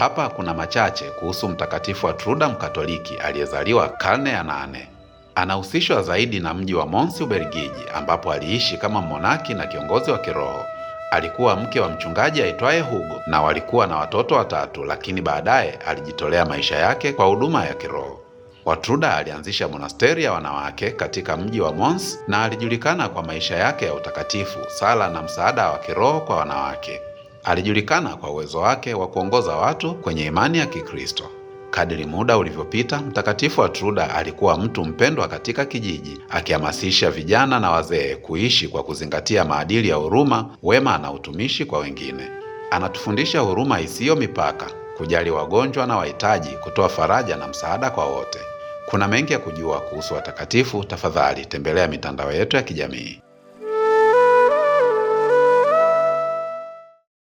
Hapa kuna machache kuhusu mtakatifu Truda Mkatoliki aliyezaliwa karne ya nane. Anahusishwa zaidi na mji wa Monsi, Ubelgiji, ambapo aliishi kama monaki na kiongozi wa kiroho. Alikuwa mke wa mchungaji aitwaye Hugo na walikuwa na watoto watatu, lakini baadaye alijitolea maisha yake kwa huduma ya kiroho. Watruda alianzisha monasteri ya wanawake katika mji wa Mons na alijulikana kwa maisha yake ya utakatifu, sala na msaada wa kiroho kwa wanawake. Alijulikana kwa uwezo wake wa kuongoza watu kwenye imani ya Kikristo. Kadiri muda ulivyopita, Mtakatifu truda alikuwa mtu mpendwa katika kijiji, akihamasisha vijana na wazee kuishi kwa kuzingatia maadili ya huruma, wema na utumishi kwa wengine. Anatufundisha huruma isiyo mipaka, kujali wagonjwa na wahitaji, kutoa faraja na msaada kwa wote. Kuna mengi ya kujua kuhusu watakatifu. Tafadhali tembelea mitandao yetu ya kijamii.